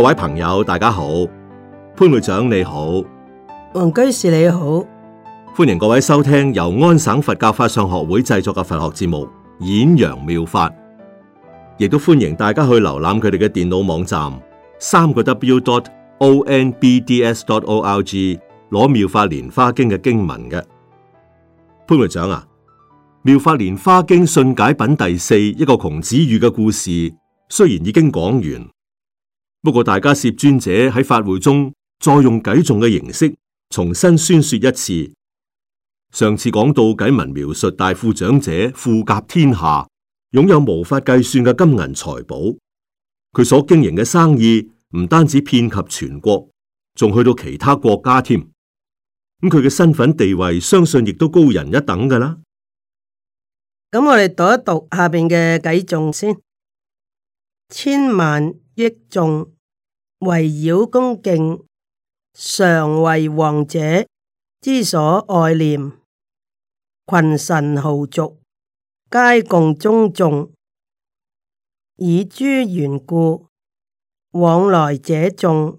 各位朋友，大家好，潘會長你好，王居士你好，歡迎各位收聽由安省佛教法相學會製作嘅佛學節目《演揚妙法》，亦都歡迎大家去瀏覽佢哋嘅電腦網站三個 W dot O N B D S dot O R G 攞妙法蓮花經嘅經文嘅潘會長啊，妙法蓮花經，經，蓮花經信解品第四一個窮子喻嘅故事，雖然已經講完。不過大迦葉尊者喺法會中再用偈頌嘅形式重新宣說一次。上次講到偈文描述大富長者富甲天下，擁有無法計算嘅金銀財寶。佢所經營嘅生意唔單止遍及全國，仲去到其他國家添。咁佢嘅身份地位，相信亦都高人一等㗎啦。咁我哋讀一讀下邊嘅偈頌先，千萬。億眾圍繞恭敬，常為王者之所愛念。群臣豪族皆共宗重，以諸緣故，往來者眾，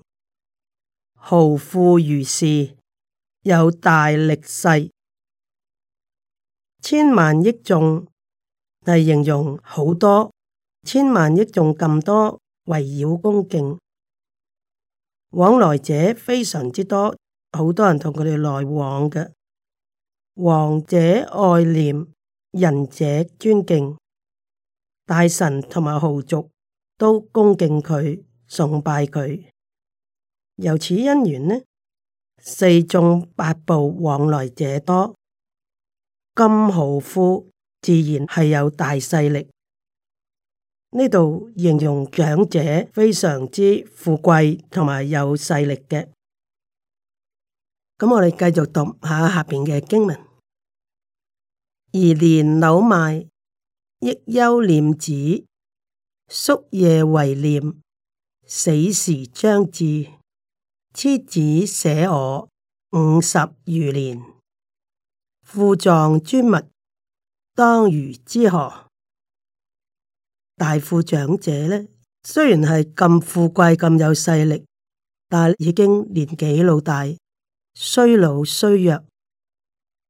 豪富如是，有大力勢，千萬億眾，係形容好多，千萬億眾咁多。圍繞恭敬往來者非常之多，好多人同佢哋來往嘅，王者愛念，仁者尊敬，大臣同埋豪族都恭敬佢，崇拜佢。由此因緣呢，四眾八部往來者多，金豪夫自然係有大勢力。呢度形容長者非常之富貴同埋有勢力嘅，咁我哋繼續讀下下邊嘅經文。而年老邁，益憂念子，宿夜為念，死時將至，癡子捨我五十餘年，庫藏諸物，當如之何？大富長者呢，雖然係咁富貴咁有勢力，但已經年紀老大，衰老衰弱。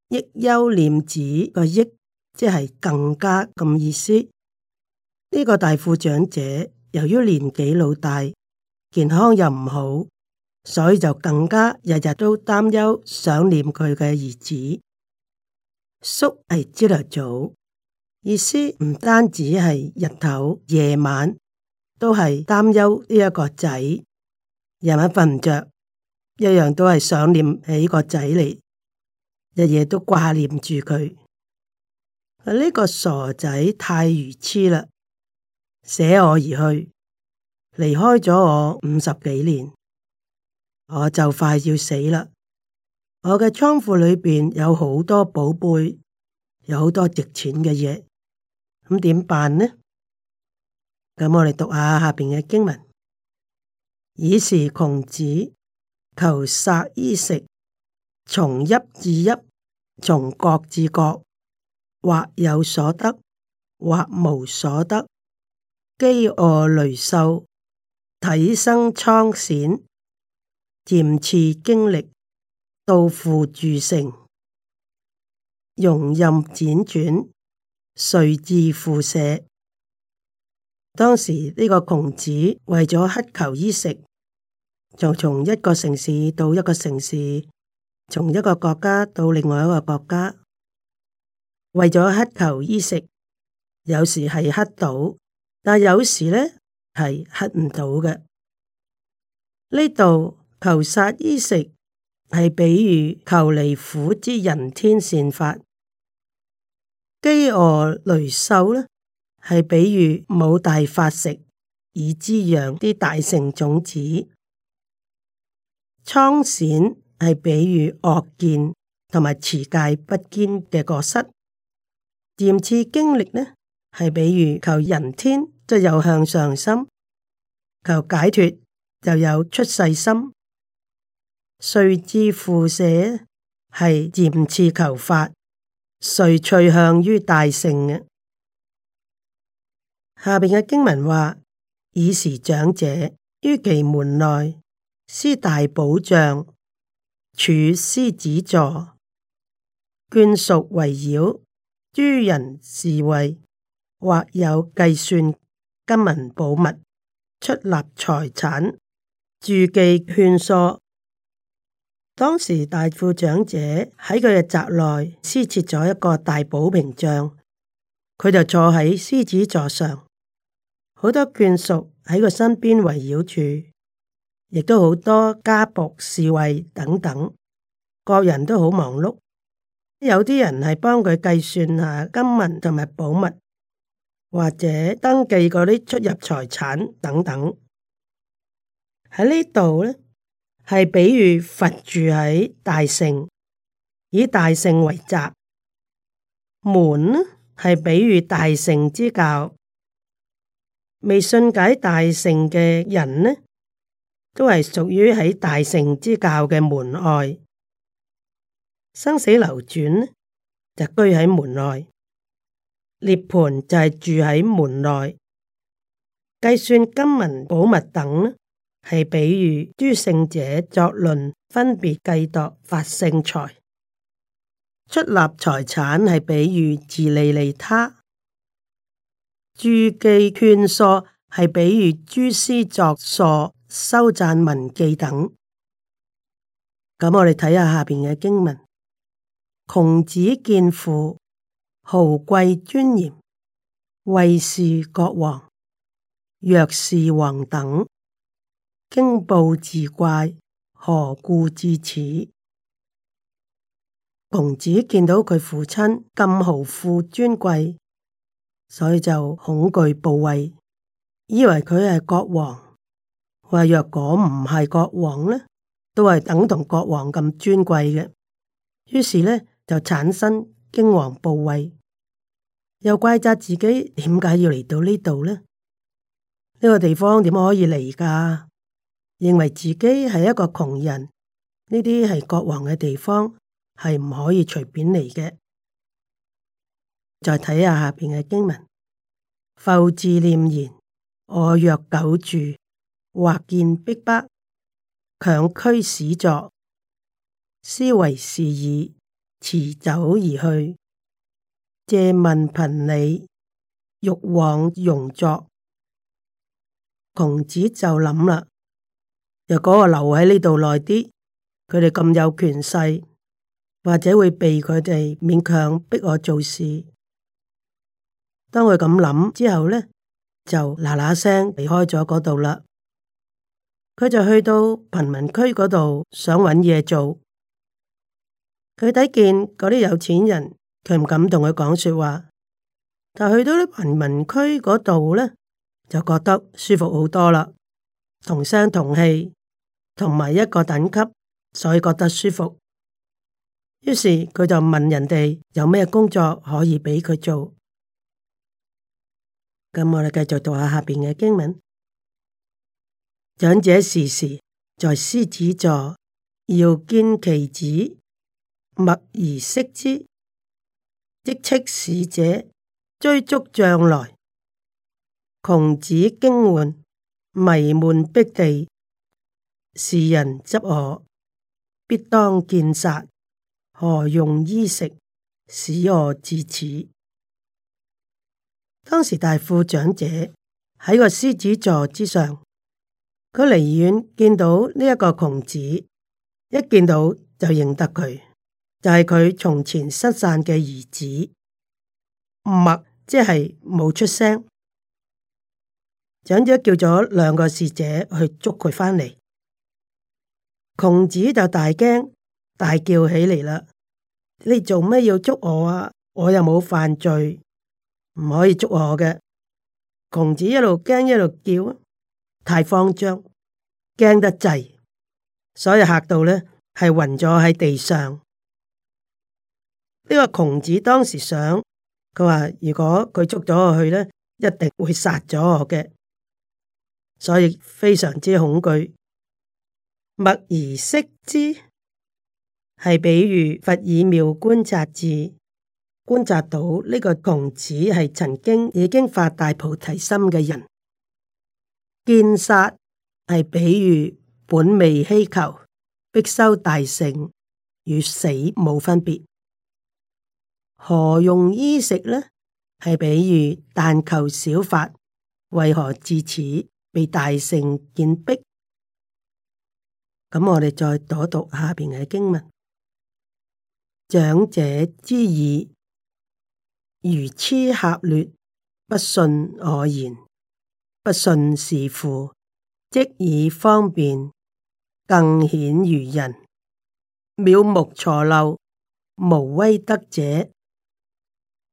益憂念子個益，即係更加咁意思。呢、這個大富長者由於年紀老大，健康又唔好，所以就更加日日都擔憂想念佢嘅兒子叔係，朝頭早。意思唔單止係日頭，夜晚都係擔憂呢一個仔，夜晚瞓唔着，一樣都係想念起個仔嚟，日夜都掛念住佢。呢個傻仔太愚癡啦，捨我而去，離開咗我五十幾年，我就快要死啦。我嘅倉庫裏邊有好多寶貝，有好多值錢嘅嘢。咁點辦呢？咁我哋讀下下邊嘅經文：爾時窮子，求殺衣食，從邑至邑，從國至國，或有所得，或無所得，飢餓羸瘦，體生瘡蘚，漸次經歷，到父住城，傭賃展轉。隨意輻射。當時呢個窮子為咗乞求衣食，就從一個城市到一個城市，從一個國家到另外一個國家，為咗乞求衣食，有時係乞到，但有時呢係乞唔到嘅。呢度求殺衣食係比喻求離苦之人天善法。飢餓羸瘦咧，係比喻冇大法食以滋養啲大乘種子；瘡癬係比喻惡見同埋持戒不堅嘅角色；漸次經歷咧，係比如求人天，就有向上心；求解脫就有出世心；遂至父舍係漸次求法。誰趣向於大聖，下邊嘅經文話：以時長者於其門內施大寶帳，處獅子座眷屬圍繞，諸人侍衛，或有計算金銀寶物，出納財產，注記券疏。當時大富長者喺佢嘅宅內施設咗一個大寶屏障，佢就坐喺獅子座上，好多眷屬喺佢身邊圍繞住，亦都好多家僕侍衛等等，各人都好忙碌。有啲人係幫佢計算下金銀同埋寶物，或者登記嗰啲出入財產等等。喺呢度呢。係比喻佛住喺大乘，以大乘為宅，門呢，係比喻大乘之教，未信解大乘嘅人呢，都係屬於喺大乘之教嘅門外，生死流轉呢，就居喺門外，涅槃就係住喺門內，計算金銀寶物等係比喻諸聖者作論分別計度發聖財出納財產，係比喻自利利他諸記勸說，係比喻諸師作說修讚文記等。咁我哋睇下下邊嘅經文窮子見父，豪貴尊嚴，謂是國王，若是王等。驚怖自怪，何故至此？窮子見到佢父親咁豪富尊貴，所以就恐懼怖畏，以為佢係國王。話若果唔係國王呢，都係等同國王咁尊貴嘅。於是呢，就產生驚惶怖畏，又怪責自己點解要嚟到呢度呢？呢、呢個地方點可以嚟噶？認為自己係一個窮人，呢啲係國王嘅地方，係唔可以隨便嚟嘅。再睇下下邊嘅經文：，浮字念言，我若久住，或見逼迫，強驅使作，思惟是已，馳走而去。借問貧里，欲往傭作，窮子就諗啦。若果我留喺呢度耐啲，佢哋咁有權勢，或者會被佢哋勉強逼我做事。當佢咁諗之後呢，就嗱嗱聲離開咗嗰度啦。佢就去到貧民區嗰度想搵嘢做。佢睇見嗰啲有錢人，佢唔敢同佢講說話。但去到啲貧民區嗰度呢，就覺得舒服好多啦，同聲同氣。同埋一個等級，所以覺得舒服。於是佢就問人哋有咩工作可以畀佢做。咁我哋繼續讀下下邊嘅經文：長者時時在獅子座，遙見其子，默而識之。即斥使者追逐將來，窮子驚喚，迷悶躄地。是人執我，必當見殺。何用衣食，使我至此？當時大富長者喺個獅子座之上，佢離遠見到呢一個窮子，一見到就認得佢，就係佢從前失散嘅兒子。默即係冇出聲，長者叫咗兩個侍者去捉佢返嚟。窮子就大驚，大叫起嚟啦！你做咩要捉我啊？我又冇犯罪，唔可以捉我嘅。窮子一路驚一路叫，太慌張，驚得滯，所以吓到咧，係暈咗喺地上。呢、這個窮子當時想，佢話如果佢捉咗我去咧，一定會殺咗我嘅，所以非常之恐懼。默而識之，係比喻佛以妙觀察智觀察到呢個童子係曾經已經發大菩提心嘅人。見殺係比喻本未希求，必修大成，與死冇分別。何用衣食呢？係比喻但求小法，為何至此被大成見逼？咁、嗯、我哋再讀一讀下邊嘅經文：長者之子愚癡狹劣，不信我言，不信是父，即以方便更顯愚人，渺目錯漏，無威德者。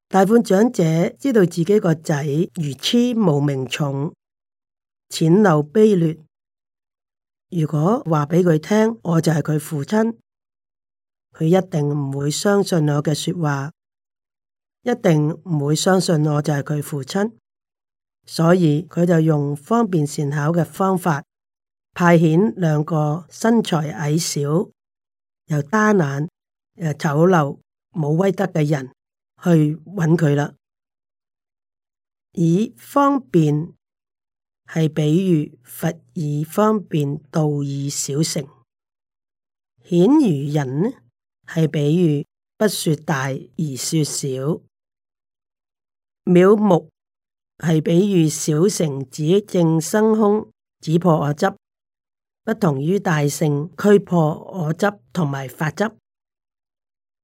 大款長者知道自己個仔愚癡無名重淺陋卑劣。如果話畀佢聽，我就係佢父親，佢一定唔會相信我嘅說話，一定唔會相信我就係佢父親。所以佢就用方便善巧嘅方法，派遣兩個身材矮小、又單眼、又醜陋、冇威德嘅人去揾佢啦，以方便。係比喻佛以方便道以小乘，顯如人呢？係比喻不說大而說小，眇目係比喻小乘指正生空，指破我執，不同於大乘驅破我執同埋法執。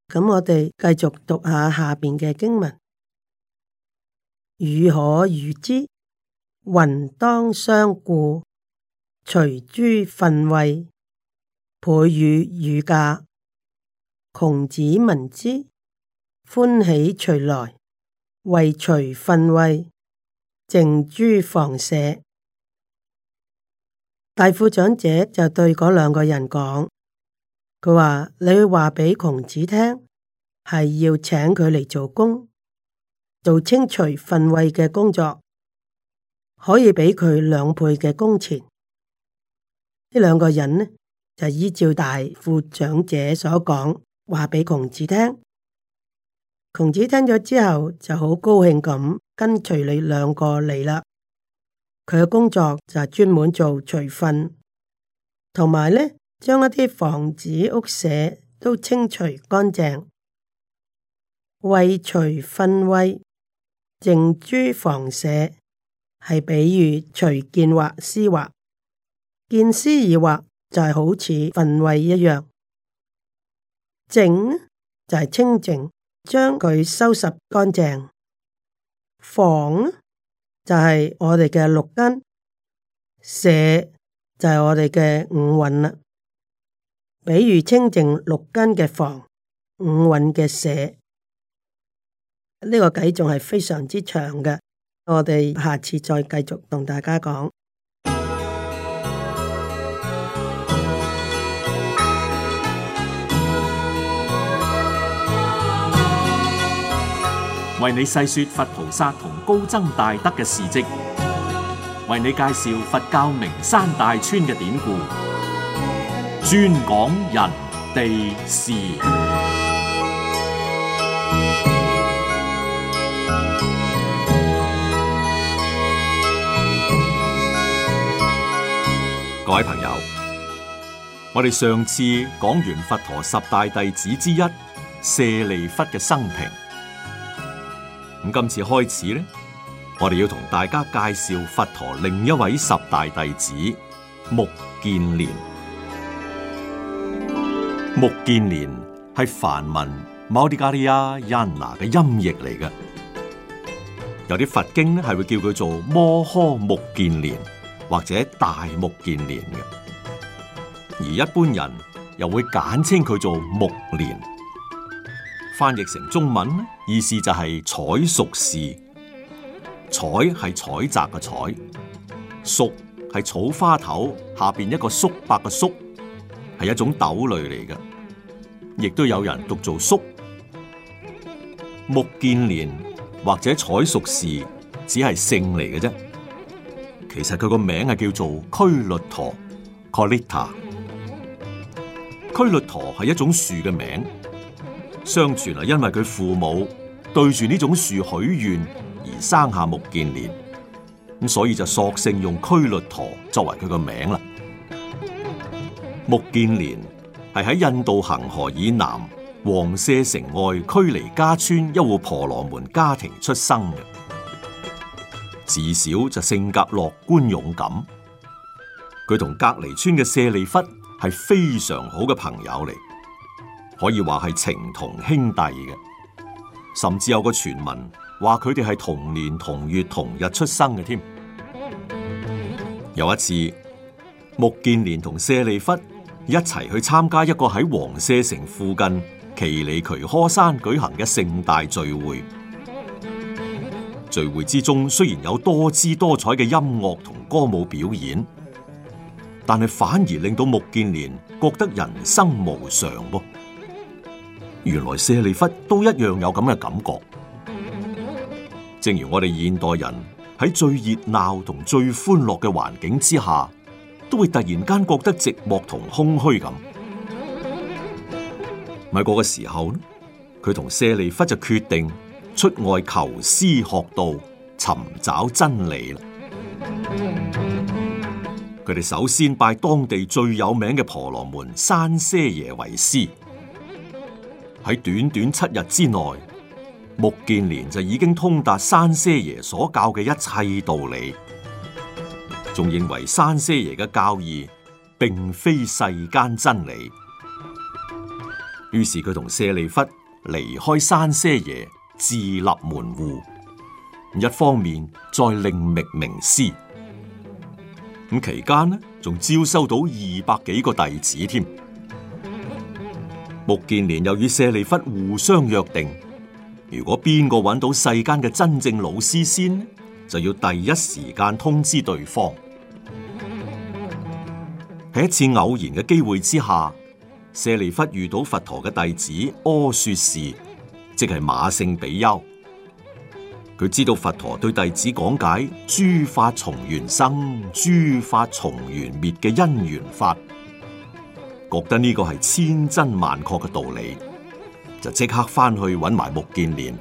咁我哋繼續讀下下邊嘅經文，如可如之。」云當相雇，除諸糞穢，倍與汝價。窮子聞之，歡喜隨來，為除糞穢，淨諸房舍。大富長者就對嗰兩個人講：佢話你去話俾窮子聽，係要請佢嚟做工，做清除糞穢嘅工作。可以畀佢兩倍嘅工錢。呢兩個人呢，就依照大富長者所講話畀窮子聽，窮子聽咗之後就好高興咁跟隨你兩個嚟啦。佢嘅工作就專門做除糞，同埋呢將一啲房子屋舍都清除乾淨，為除糞穢，淨諸房舍。係比喻隨見惑思惑，見思二惑就係好似分位一樣。淨就係清淨，將佢收拾乾淨。房就係我哋嘅六根，舍就係我哋嘅五蘊啦。比如清淨六根嘅房，五蘊嘅舍，呢、呢個偈仲係非常之長嘅。我哋下次再繼續同大家講，為你細說佛菩薩同高僧大德嘅事跡，為你介紹佛教名山大川嘅典故，專講人地事。各位朋友，我哋上次講完佛陀十大弟子之一舍利弗嘅生平，咁今次開始咧，我哋要同大家介紹佛陀另一位十大弟子目犍連。目犍連係梵文摩底加利亞因拿嘅音譯嚟嘅，有啲佛經咧係會叫佢做摩訶目犍連。或者大木建蓮嘅，而一般人又會簡稱佢做木蓮。翻譯成中文意思就係採熟時，採係採摘嘅採，熟係草花頭下邊一個粟白嘅粟，係一種豆類嚟嘅，亦都有人讀做粟木建蓮或者採熟時，只係姓嚟嘅啫。其實佢個名係叫做拘律陀 （Kulita）。拘律陀係一種樹嘅名，相傳係因為佢父母對住呢種樹許願而生下目犍連，咁所以就索性用拘律陀作為佢個名啦。目犍連係喺印度恒河以南，王舍城外拘離家村一戶婆羅門家庭出生嘅。自小就性格樂觀勇敢，佢同隔籬村嘅舍利弗係非常好嘅朋友嚟，可以話係情同兄弟嘅，甚至有個傳聞話佢哋係同年同月同日出生嘅添。有一次，目犍連同舍利弗一齊去參加一個喺王舍城附近奇里渠柯山舉行嘅盛大聚會。聚會之中雖然有多姿多彩嘅音樂同歌舞表演，但係反而令到目犍連覺得人生無常噃。原來舍利弗都一樣有咁嘅感覺，正如我哋現代人喺最熱鬧同最歡樂嘅環境之下，都會突然間覺得寂寞同空虛咁。咪、那、嗰個時候，佢同舍利弗就決定。出外求師學道，尋找真理。佢哋首先拜當地最有名嘅婆羅門山些耶為師。喺短短七日之內，目犍連就已經通達山些耶所教嘅一切道理，仲認為山些耶嘅教義並非世間真理。於是佢同舍利弗離開山些耶。自立門戶，一方面再另覓名師。咁期間呢，仲招收到二百幾個弟子添。目犍連又與舍利弗互相約定，如果邊個揾到世間嘅真正老師先，就要第一時間通知對方。喺一次偶然嘅機會之下，舍利弗遇到佛陀嘅弟子阿說示。即係馬勝比丘，佢知道佛陀對弟子講解諸法從緣生，諸法從緣滅嘅因緣法，覺得呢個係千真萬確嘅道理，就即刻翻去揾埋目犍連，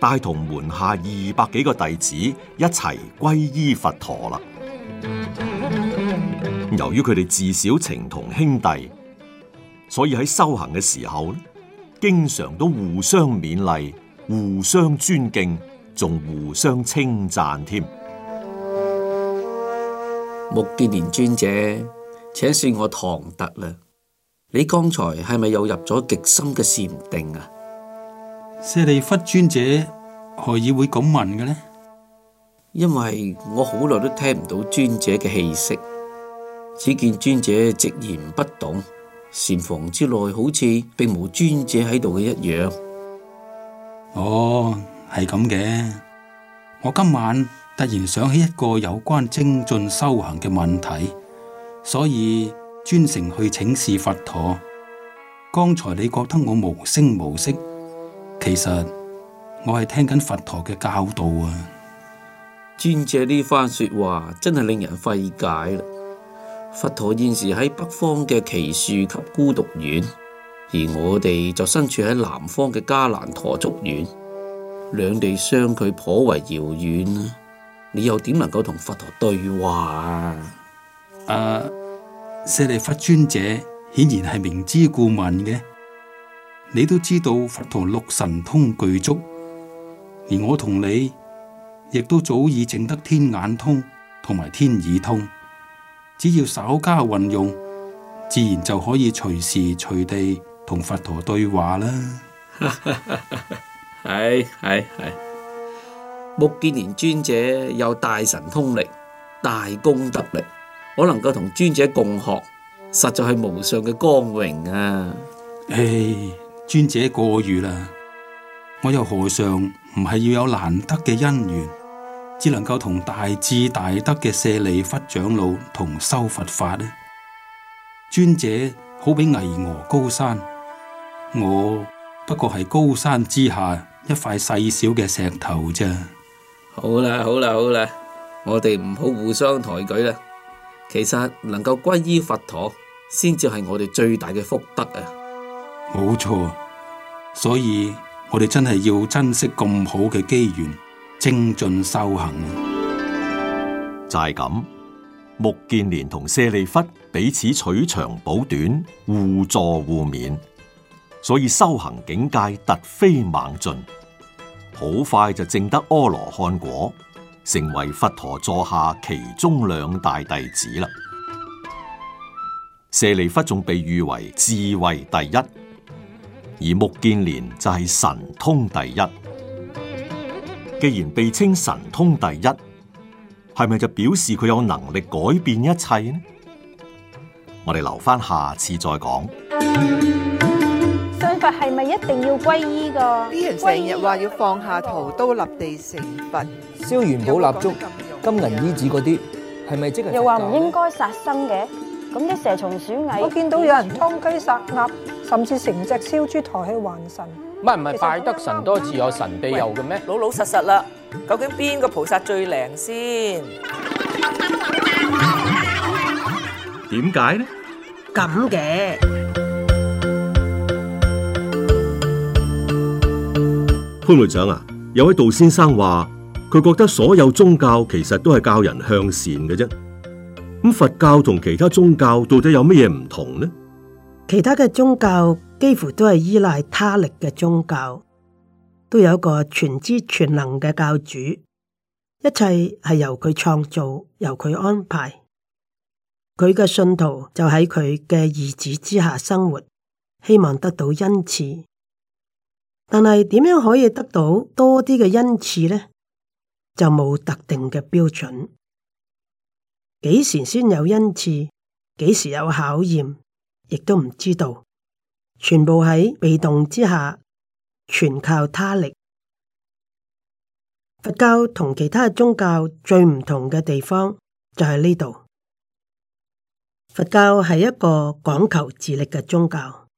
帶同門下二百幾個弟子一齊皈依佛陀啦。由於佢哋自小情同兄弟，所以喺修行嘅時候，經常都互相勉勵、互相尊敬，仲互相稱讚添。目犍連尊者，請恕我唐突啦！你剛才係咪又入咗極深嘅禪定啊？舍利弗尊者，何以會咁問嘅呢？因為我好耐都聽唔到尊者嘅氣息，只見尊者直言不懂。禪房之內好似並無尊者喺度嘅一樣。哦，係咁嘅。我今晚突然想起一個有關精進修行嘅問題，所以專程去請示佛陀。剛才你覺得我無聲無息，其實我係聽緊佛陀嘅教導啊。尊者呢番說話真係令人費解啦。佛陀現時喺北方嘅祇樹給孤獨園，而我哋就身處喺南方嘅迦蘭陀竹園。兩地相距頗為遙遠啦。你又點能夠同佛陀對話啊？啊，舍利弗尊者顯然係明知故問嘅。你都知道佛陀六神通具足，而我同你亦都早已證得天眼通同埋天耳通。只要稍加運用，自然就可以隨時隨地同佛陀對話啦。係係係，目犍連尊者有大神通力、大功德力，我能夠同尊者共學，實在係無上嘅光榮啊！唉、哎，尊者過譽啦，我又何嘗唔係要有難得嘅因緣？只能夠同大智大德嘅舍利弗長老同修佛法咧，尊者好比巍峨高山，我不過係高山之下一塊細小嘅石頭啫。好啦好啦好啦，我哋唔好互相抬舉啦。其實能夠皈依佛陀，先至係我哋最大嘅福德啊。冇錯，所以我哋真係要珍惜咁好嘅機緣。精進修行就係咁，目犍連同舍利弗彼此取長補短，互助互勉，所以修行境界突飛猛進，好快就證得阿羅漢果，成為佛陀座下其中兩大弟子啦。舍利弗仲被譽為智慧第一，而目犍連就係神通第一。既然被稱神通第一，係咪就表示佢有能力改變一切呢？我哋留翻下，下次再講。信佛係咪一定要皈依噶？啲人成日話要放下屠刀立地成佛，燒元寶蠟燭，有有金銀衣紙嗰啲，係咪即係？又話唔應該殺生嘅，咁啲蛇蟲鼠蟻，我見到有人劏雞殺鴨，甚至成隻燒豬抬去還神。乜唔係唔係，拜得神多自有神庇佑嘅咩？老老實實啦，究竟邊個菩薩最靈先？點解呢？咁嘅潘隊長啊，有位道先生話，佢覺得所有宗教其實都係教人向善嘅啫。咁佛教同其他宗教到底有乜嘢唔同呢？其他嘅宗教幾乎都係依賴他力嘅宗教，都有一個全知全能嘅教主，一切係由佢創造，由佢安排。佢嘅信徒就喺佢嘅意志之下生活，希望得到恩賜。但係點樣可以得到多啲嘅恩賜呢？就冇特定嘅標準。幾時先有恩賜？幾時有考驗？亦都唔知道，全部喺被動之下，全靠他力。佛教同其他宗教最唔同嘅地方就係呢度。佛教係一個講求自力嘅宗教。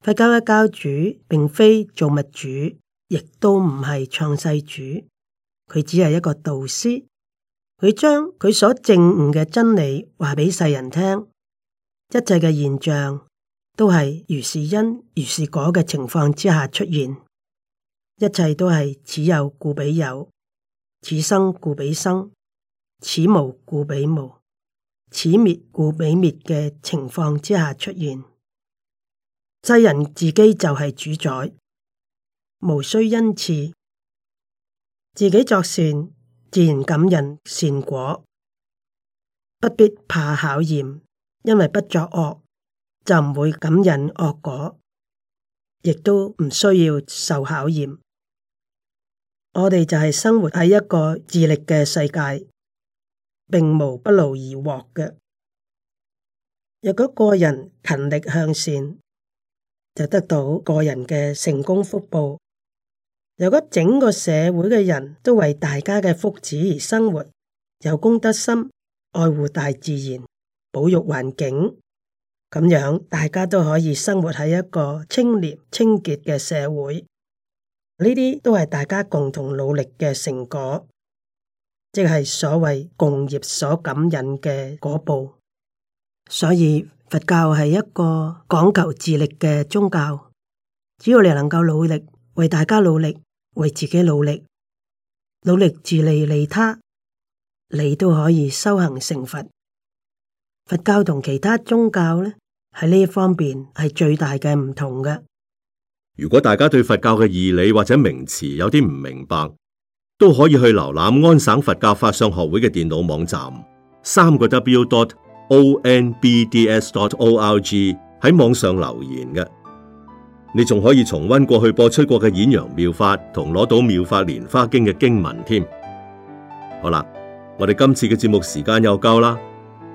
佛教嘅教主並非造物主，亦都唔係創世主，佢只係一個導師，佢將佢所證悟嘅真理話俾世人聽。一切嘅現象都係如是因如是果嘅情況之下出現，一切都係此有故彼有，此生故彼生，此無故彼無，此滅故彼滅嘅情況之下出現。世人自己就係主宰，無須恩賜，自己作善，自然感人善果，不必怕考驗。因為不作惡就唔會感引惡果，亦都唔需要受考驗。我哋就係生活喺一個自力嘅世界，並無不勞而獲嘅。若果個人勤力向善，就得到個人嘅成功福報。若果整個社會嘅人都為大家嘅福祉而生活，有公德心，愛護大自然。保育環境咁樣，大家都可以生活喺一個清廉、清潔嘅社會。呢啲都係大家共同努力嘅成果，即係所謂共業所感引嘅果報。所以佛教係一個講求自力嘅宗教，只要你能夠努力，為大家努力，為自己努力，努力自利利他，你都可以修行成佛。佛教同其他宗教咧，喺呢一方面係最大嘅唔同嘅。如果大家對佛教嘅義理或者名詞有啲唔明白，都可以去瀏覽安省佛教法相學會嘅電腦網站，三個 w dot o n b d s dot o r g 喺網上留言嘅。你仲可以重溫過去播出過嘅演揚妙法同攞到妙法蓮花經嘅經文添。好啦，我哋今次嘅節目時間又夠啦。